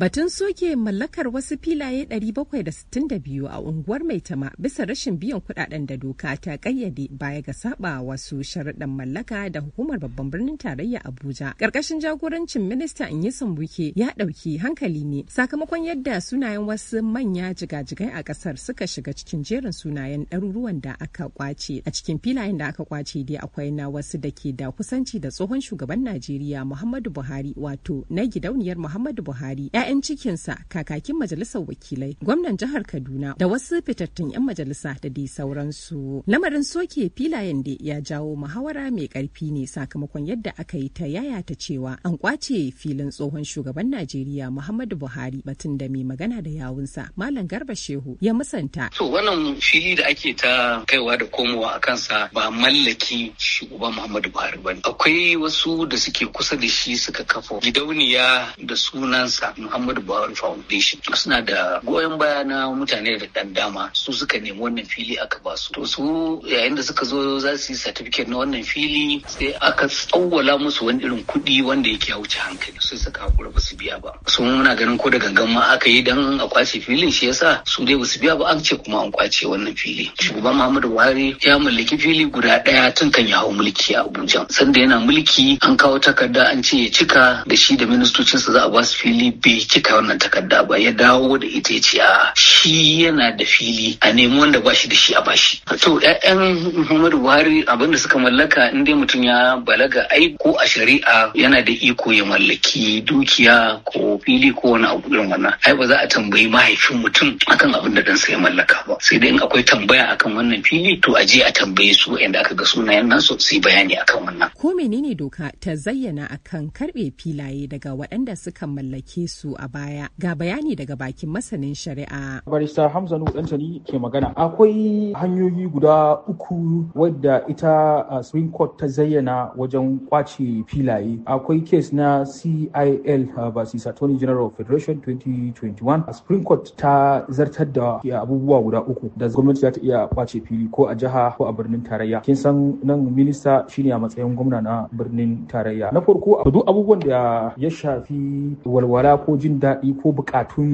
Batun soke mallakar wasu filaye 762 a unguwar Maitama bisa rashin biyan kudaden da doka ta kayyade baya ga saba wasu sharaɗin mallaka da hukumar babban birnin tarayya Abuja. Karkashin jagorancin minista Inyisan Buke ya ɗauki hankali ne sakamakon yadda sunayen wasu manya jigajigai a ƙasar suka shiga cikin jerin sunayen ɗaruruwan da aka kwace. A cikin filayen da aka kwace dai akwai na wasu da ke da kusanci da tsohon shugaban Najeriya Muhammadu Buhari wato na gidauniyar Muhammadu Buhari. 'ya'yan cikinsa kakakin majalisar wakilai gwamnan jihar kaduna da wasu fitattun 'yan majalisa da dai sauransu lamarin soke filayen da ya jawo muhawara mai karfi ne sakamakon yadda aka yi ta yaya ta cewa an kwace filin tsohon shugaban najeriya muhammadu buhari batun da mai magana da yawunsa malam garba shehu ya musanta to wannan fili da ake ta kaiwa da komowa a kansa ba mallaki shugaban muhammadu buhari ba akwai wasu da suke kusa da shi suka kafa gidauniya da sunansa muhammadu Muhammad Buhari Foundation duk suna da goyon baya na mutane da dan dama su suka nemi wannan fili aka ba su to su yayin da suka zo za su yi certificate na wannan fili sai aka tsawwala musu wani irin kuɗi wanda yake ya wuce hankali sai suka hakura ba su biya ba su muna ganin ko da gangan ma aka yi dan a kwace filin shi yasa su dai ba su biya ba an ce kuma an kwace wannan fili shugaban Muhammad Buhari ya mallaki fili guda ɗaya tun kan ya hau mulki a Abuja sanda yana mulki an kawo takarda an ce ya cika da shi da ministocinsa za a ba su fili bai bai cika wannan takarda ba ya dawo da ita ya ce a shi yana da fili a nemi wanda ba shi da shi a bashi to ƴaƴan Muhammadu Buhari abinda suka mallaka in dai mutum ya balaga ai ko a shari'a yana da iko ya mallaki dukiya ko fili ko wani abu irin wannan ai ba za a tambayi mahaifin mutum akan abin da ɗansa ya mallaka ba sai dai in akwai tambaya akan wannan fili to a je a tambaye su inda aka ga sunayen nasu su yi bayani akan wannan ko menene doka ta zayyana akan karbe filaye daga waɗanda suka mallake su a baya. Ga bayani daga bakin masanin shari'a. Barista Hamza Nuhu Dantani ke magana. Akwai hanyoyi guda uku wadda ita a Supreme Court ta zayyana wajen kwace filaye. Akwai kes na CIL uh, versus Attorney General of Federation 2021. A Supreme Court ta zartar da abubuwa guda uku da gwamnati za ta iya kwace fili ko a jiha ko a birnin tarayya. Kin san nan minista shine a matsayin gwamna na birnin tarayya. Na farko duk abubuwan da ya shafi walwala ko jin daɗi ko buƙatun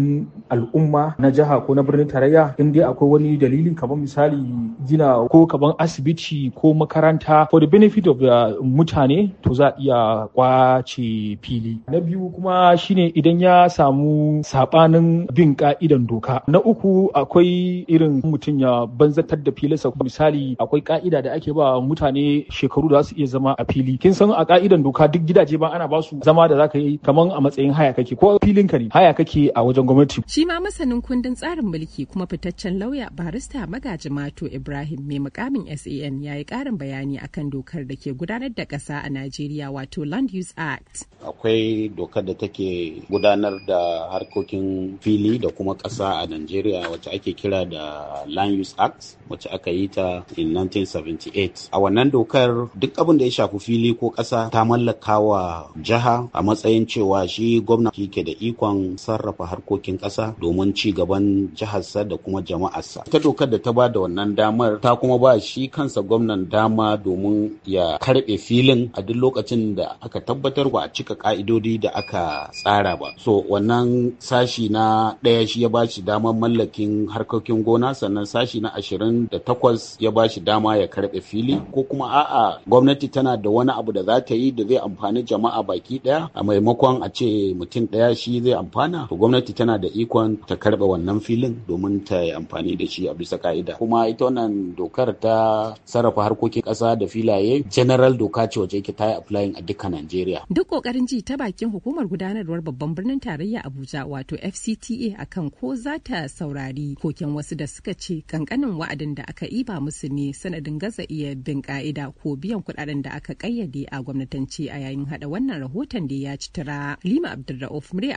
al'umma na jiha ko na birnin tarayya in dai akwai wani dalili kamar misali gina ko kaman asibiti ko makaranta for the benefit of the mutane to za iya kwace fili na biyu kuma shine idan ya samu sabanin bin ka'idan doka na uku akwai irin mutum ya banzatar da filinsa misali akwai ka'ida da ake ba mutane shekaru da su iya zama a fili kin san a ka'idan doka duk gidaje ba ana ba su zama da za ka yi kamar a matsayin haya kake ko ka ne haya kake a wajen gwamnati shi ma masanin kundin tsarin mulki kuma fitaccen lauya barista magaji mato ibrahim mai mukamin san ya yi karin bayani akan dokar da ke gudanar da kasa a najeriya wato land use act akwai dokar da take gudanar da harkokin fili da kuma ƙasa a najeriya wacce ake kira da land use act wacce aka yi ta in 1978 a wannan dokar duk abin da ya shafi fili ko ƙasa ta mallaka wa jiha a matsayin cewa shi gwamna ke da ikon sarrafa harkokin ƙasa domin ci gaban jiharsa da kuma jama'arsa. Ta dokar da ta ba da wannan damar ta kuma ba shi kansa gwamnan dama domin ya karɓe filin a duk lokacin da aka tabbatar ba a cika ka'idodi da aka tsara ba. So wannan sashi na ɗaya shi ya ba shi damar mallakin harkokin gona sannan sashi na ashirin da takwas ya ba shi dama ya karɓe fili ko kuma a'a gwamnati tana da wani abu da za ta yi da zai amfani jama'a baki ɗaya a maimakon a ce mutum ɗaya shi zai amfana to gwamnati tana da ikon ta karɓa wannan filin domin ta yi amfani da shi a bisa ka'ida kuma ita wannan dokar ta sarrafa harkokin ƙasa da filaye general doka ce wace ke ta yi applying a dukkan Najeriya. Duk kokarin ji ta bakin hukumar gudanarwar babban birnin tarayya Abuja wato FCTA akan ko za ta saurari koken wasu da suka ce kankanin wa'adin da aka iba musu ne sanadin gaza iya bin ka'ida ko biyan kuɗaɗen da aka kayyade a gwamnatance a yayin hada wannan rahoton da ya ci tara. Lima Abdulrauf murya